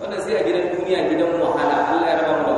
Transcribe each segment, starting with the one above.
wannan sai a gidan duniya gidan wahala Allah ya raba mu da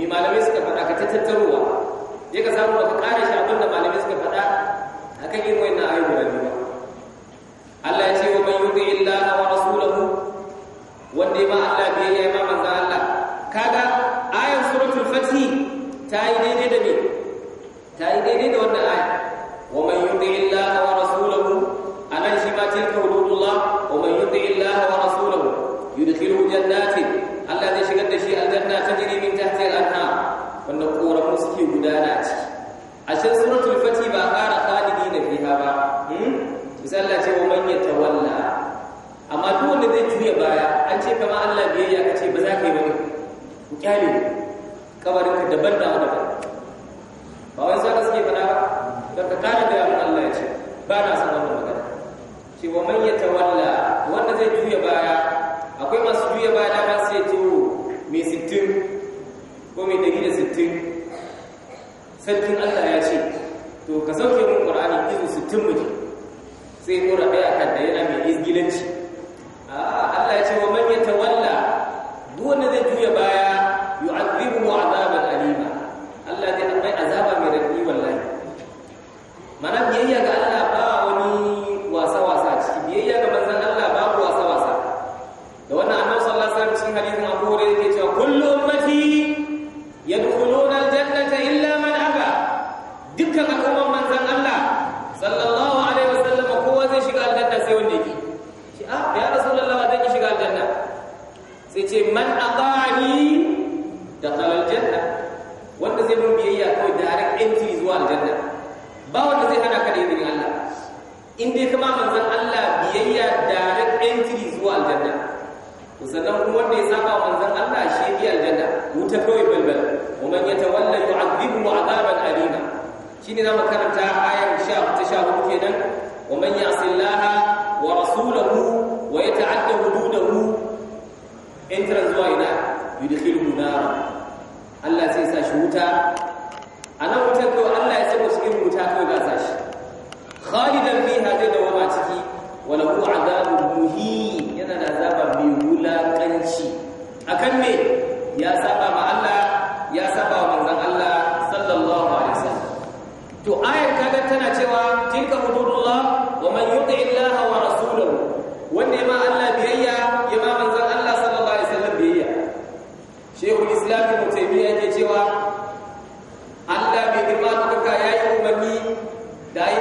mai malamai suka faɗa ka tattarowa ya ka samu ka ƙara shi abinda malamai suka faɗa kan irin wannan ayoyi da rabi ba Allah ya ce wa man illa na wa rasulahu wanda ya ma Allah biyayya ya ba Allah kaga ayar suratul fatih ta yi daidai da me sai ko rabe akan da yana mai izgilanci ah, Allah ya ce wa man yatawalla sannan kuma wanda ya saba manzon Allah shi bi aljanna wuta kawai balbal wa man yatawalla yu'adhibu azaban alima shine zamu karanta ayan 10 ta 14 kenan wa man ya'si Allah wa rasulahu wa yata'adda hududahu in zuwa ina yudkhilu nara Allah sai sa shi wuta ana wuta ko Allah ya saka cikin wuta ko ga sa shi khalidan fiha da dawama ciki wa lahu azabun muhin ɗanɗana azaba mai wulaƙanci kan me ya saba ma Allah ya saba wa manzon Allah sallallahu alaihi wasallam to ayar kaga tana cewa tilka hududullah wa man yuti illaha wa rasulahu wanda ya ma Allah biyayya ya ma manzon Allah sallallahu alaihi wasallam biyayya shehu islam ibn taymiya yake cewa Allah bai girma duka yayi umarni da ayi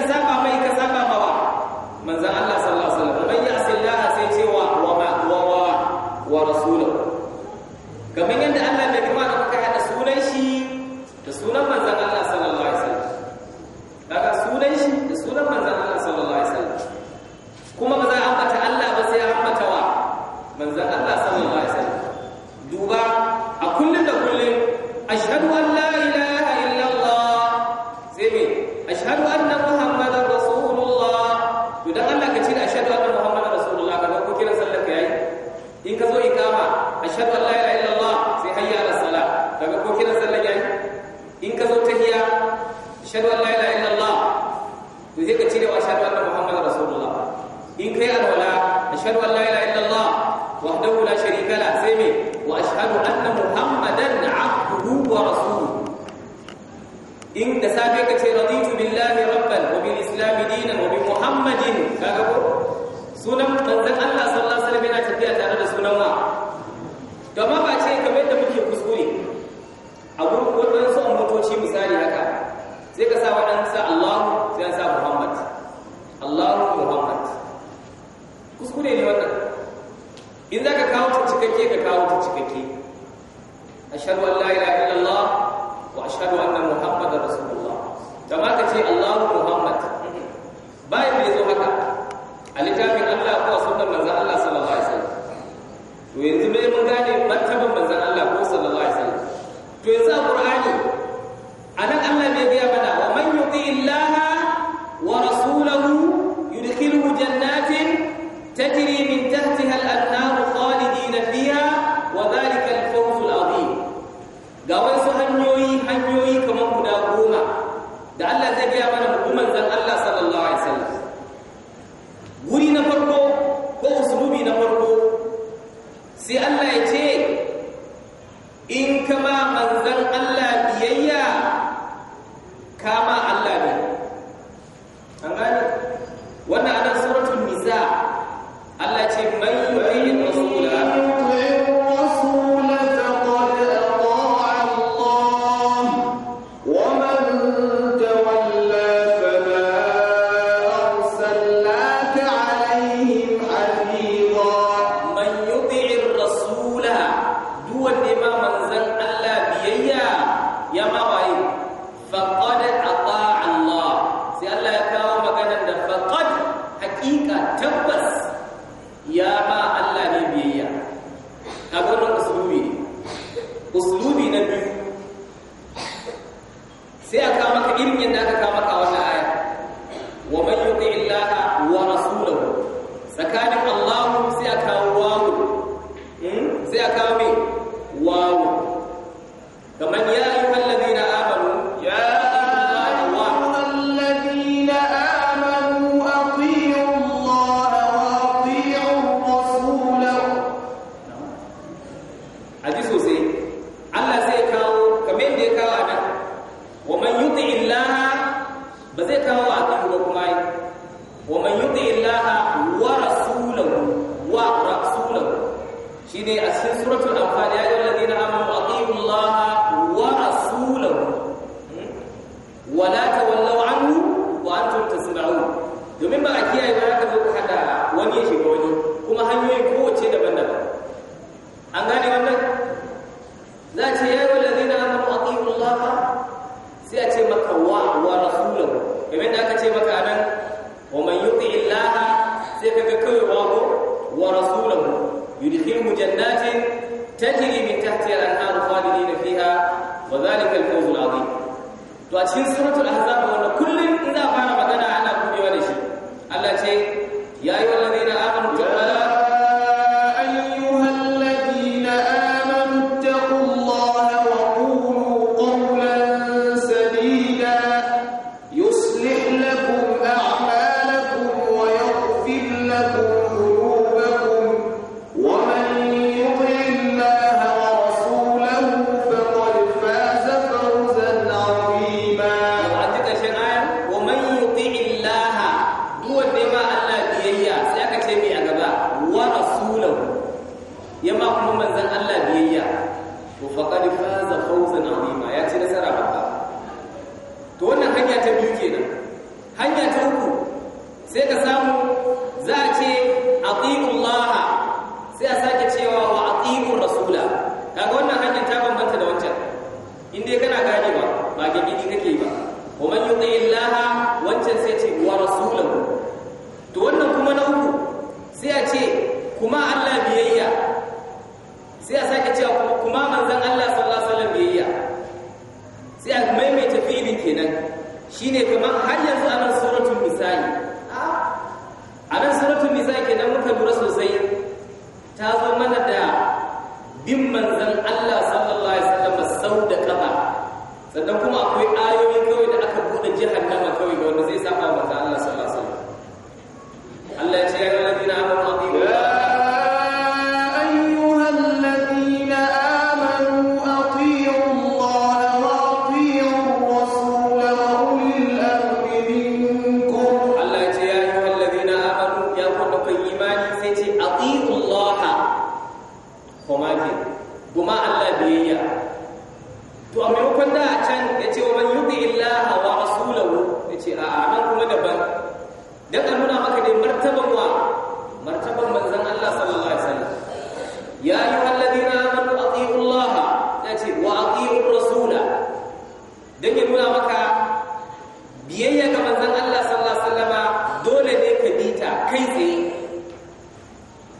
个三八。أشهد أن لا إله إلا الله وحده لا شريك له سمي وأشهد أن محمدا عبده ورسوله إن تسابق رضيت بالله ربا وبالإسلام دينا وبمحمد كاغو سنن منزل الله صلى الله عليه وسلم yana tafiya tare da sunan wa gama ba ce kamar yadda muke kuskure a gurin wadansu ambotoci misali haka sai ka sa wadansu ne wannan in za ka kawo ta cikakke ka kawo ta cikakke ashhadu an la ilaha illallah wa ashhadu anna muhammadar rasulullah da ma ka ce allahu muhammad bayan da ya zo haka a littafin allah ko a sunan manzon allah sallallahu alaihi wasallam to yanzu me mun gane martaba ورسوله يدخلهم جنات تجري من تحتها الانهار خالدين فيها وذلك الفوز العظيم to a cikin suratul ahzab wannan kullum in za fara magana ana buɗewa da shi Allah ce ya yi faqad faza fawzan azima ya ci nasara babba to wannan hanya ta biyu kenan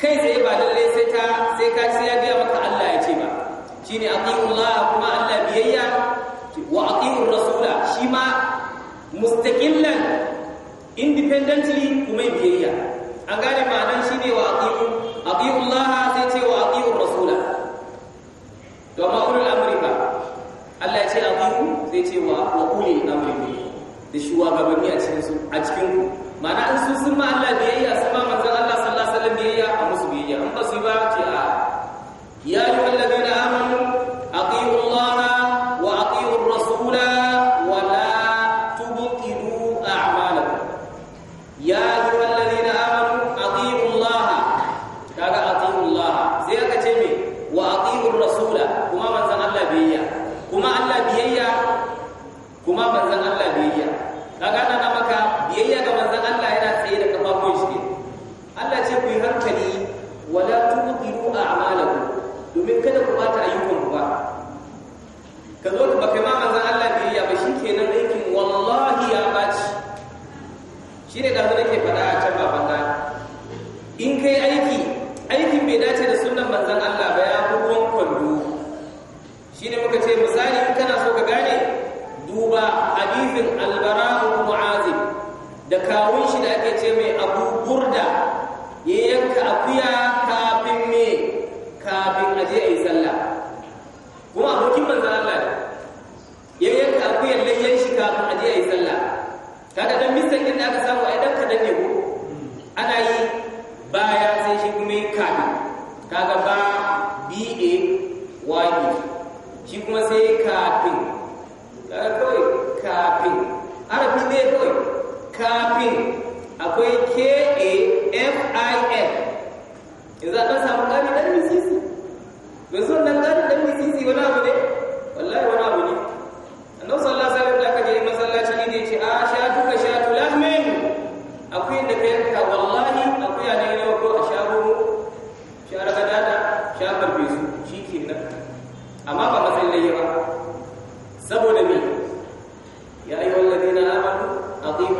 kai sai ba lalle sai ta sai ka sai ya ga maka Allah ya ce ba shine atiullah kuma Allah biyayya wa atiur rasula shi ma mustaqillan independently kuma biyayya an gane ma'anar shine wa atiu atiullah sai ce wa atiur rasula to amma ulul amri ba Allah ya ce atiu sai ce wa wa ulul amri da shugabanni a cikin su a cikin ma'ana in su sun ma Allah biyayya sun aka samu ai dan kadan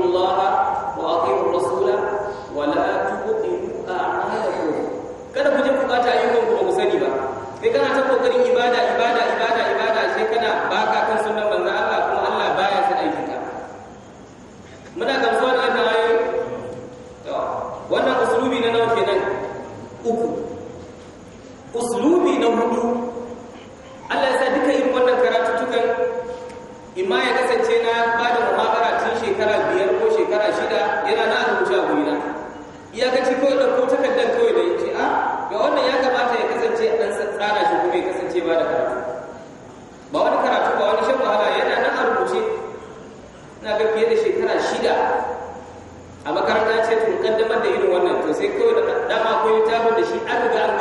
الله to sai kawai da dama akwai littafin da shi an riga an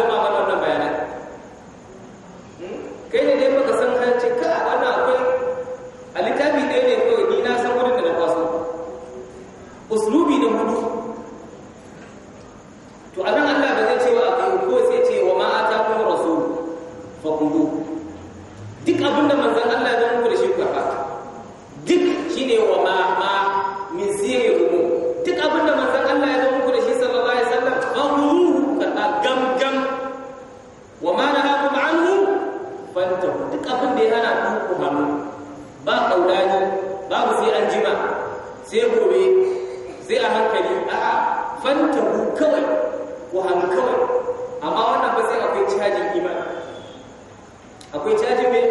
akwai caji mai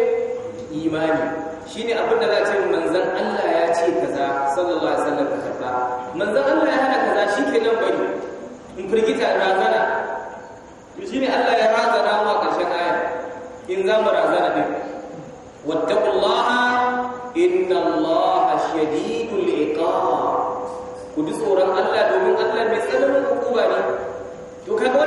imani shine abin da za a ce manzon Allah ya ce kaza sallallahu alaihi wasallam ka karba manzon Allah ya hana kaza nan bari in firgita razana ne Allah ya razana mu a ƙarshen ayar in za mu razana din wattaqullaha inna Allaha shadidul iqab ku ji tsoron Allah domin Allah mai tsananin hukuma ne to kaga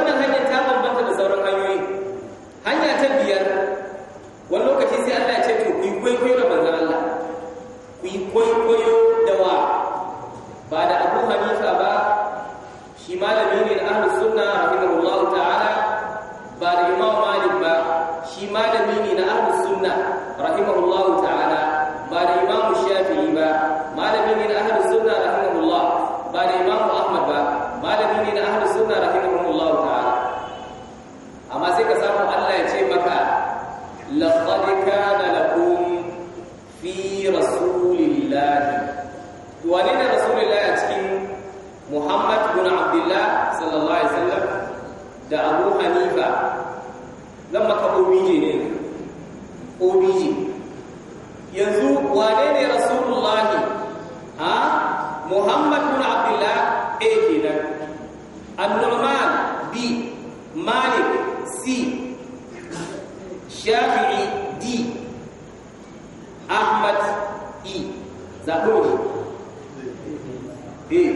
eh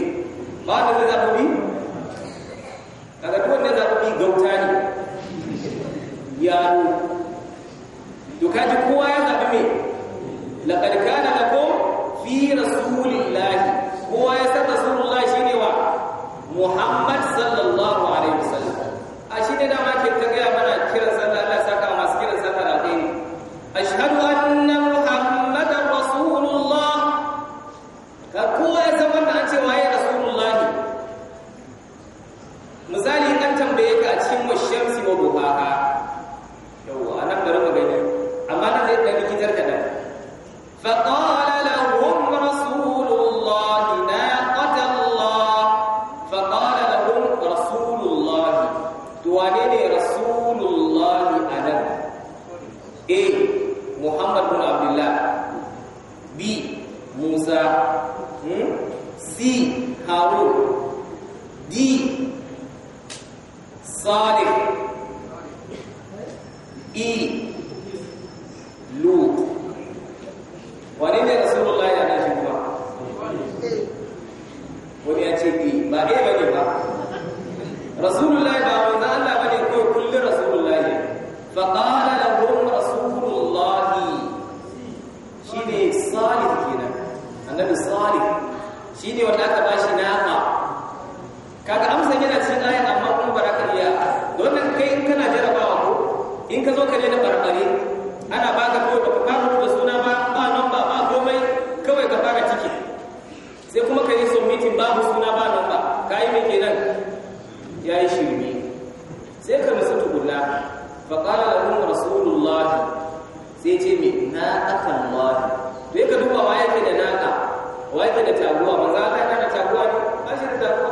ba da zaɓuɓi kaga duk wannan zaɓuɓi gauta ne yaro to kaji kowa ya wane ne rasulullahi a nan a muhammad bin abdullah b musa hmm? c harun d salih e Lu wane ne rasulullahi a nan shi kuma wani ya ce b e. ba ɗaya ba ne ba rasulullahi ba ka ne da barbare ana baka ko da ka rubuta suna ba ba namba ba komai kawai ka fara ciki sai kuma ka yi submitting babu suna ba namba ka yi mai kenan ya yi shirme sai ka musu tukunna fa qala lahum rasulullah sai ce me na akan wahi to ka duba wa yake da naka wa yake da taguwa manzo Allah yana da taguwa ne ba shi da taguwa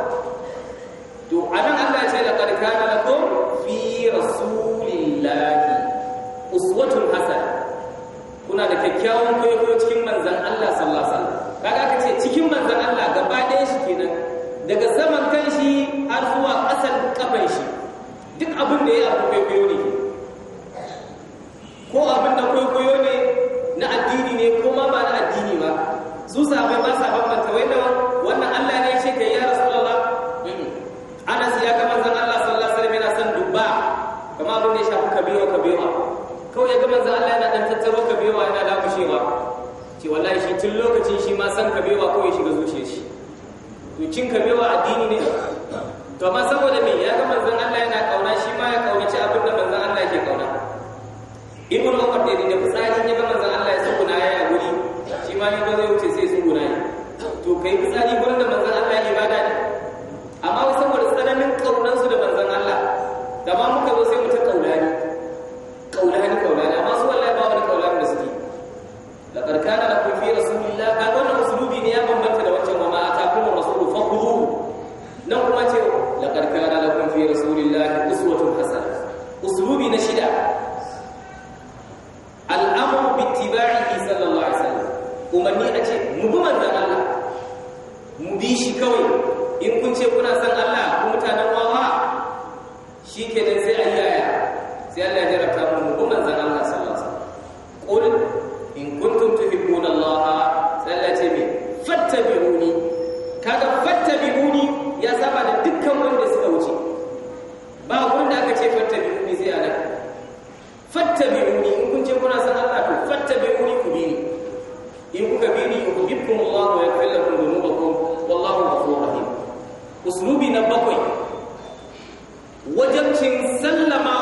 to anan Allah ya ce laqad kana uswatun hasana kuna da kyakkyawan kwaikwayo cikin manzan Allah sallallahu alaihi wasallam kaga aka ce cikin manzan Allah gaba ɗaya shi kenan daga saman kan shi har zuwa asal kafan shi duk abin da ya abu kwaikwayo ne ko abin da kwaikwayo Wajen cin sallama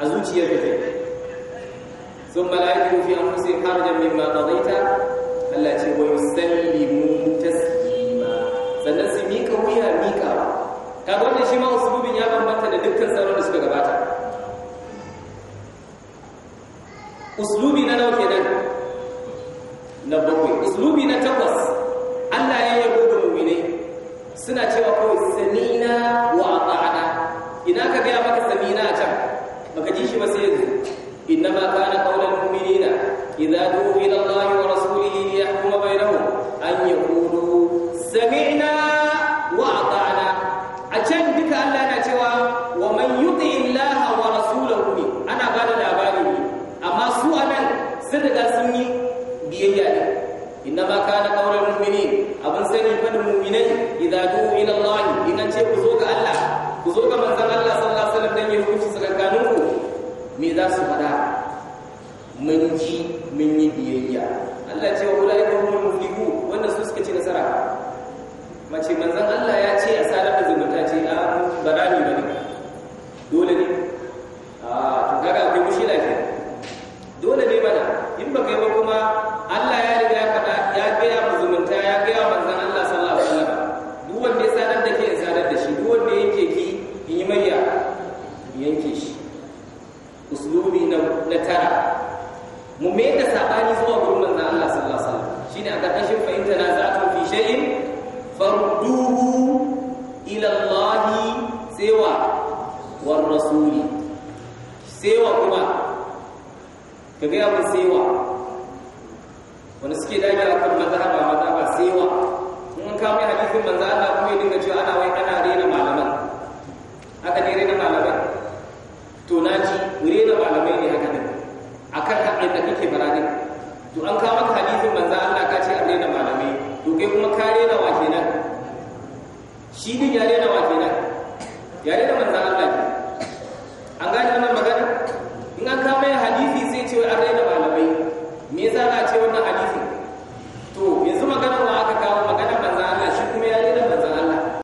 a zuciyar ka kai sun an fi anfusihim harajan mimma qadaita Allah ce wa yusallimu taslima sannan su mika wuya miƙa. Ta wannan shi ma usulubin ya bambanta da dukkan sauran da suka gabata uslubi na nawa kenan na bakwai uslubi na takwas sun riga sun yi biyayya ne inna ma kana qawlan mu'minin abin sai ne fadin mu'minai idza du'u ila Allah inna ce ku zo ga Allah ku zo ga manzon Allah sallallahu alaihi wasallam dan yi hukunci ga ku me za su fada mun ji mun yi biyayya Allah ce wa ulai ka humul muflihun wannan su suka ci nasara mace manzon rasuli sewa kuma ka gaya mun sewa wani suke a kan mazhaba mazhaba sewa in ka mai hadisin manzo Allah kuma ya dinga cewa ana wai ana rena malaman Aka ne rena malaman to na ji rena malamai ne haka ne akan haƙƙin da kake baradin to an kawo maka hadisin manzo Allah ka ce a rena malamai to kai kuma ka rena wa kenan shi din ya